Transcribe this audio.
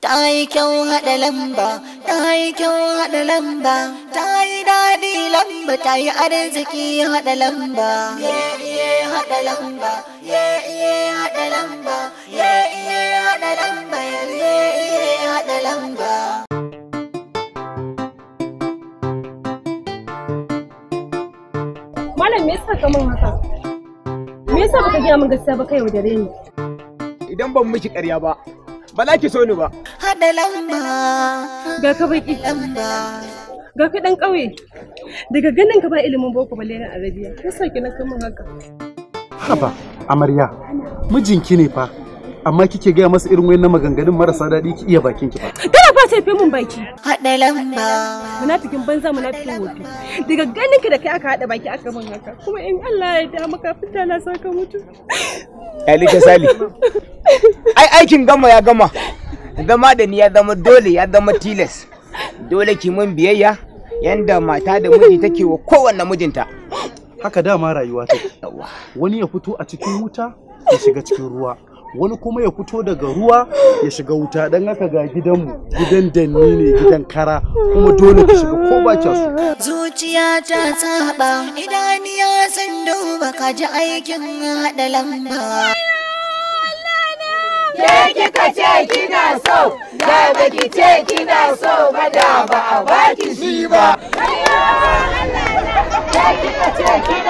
Ta yi kyau haɗa lamba, ta yi kyau haɗa lamba, ta yi daɗi lamba, ta yi arziki haɗa lamba. Ye iye haɗa lamba, ye haɗa lamba, ye haɗa lamba, haɗa lamba. Malam me yasa kaman haka? yasa baka gaya min gaskiya ba kai dare ni idan ban miki ƙarya ba ba za ki so ni ba hada lamba ga ka baki lamba ga ka dan ƙauye daga ganin ka ba ilimin boko balle na arabiya yasa sauki na mun haka haba amarya mijinki ne fa amma kike gaya masa irin wayannan maganganun marasa daɗi ki iya bakin ki ba. kana fa sai mun baki hada lamba munafikin banza munafikin wofi daga ganin ki da kai aka hada baki aka mun haka kuma in Allah ya da maka fita na saka mutu Ali ta sali ai aikin gama ya gama zama da ni ya zama dole ya zama tilas dole ki mun biyayya yanda mata da miji take wa kowanne mijinta haka dama rayuwa ta wani ya fito a cikin wuta ya shiga cikin ruwa wani kuma ya fito daga ruwa ya shiga wuta dan haka ga gidanmu gidan danni ne gidan kara kuma dole ka shiga ko ba su. zuciya ta tsaba ya san duba ka ji aikin haɗa lamba ke kika ce kina so da baki ce kina so ba da ba a baki shi ba ke kika ce kina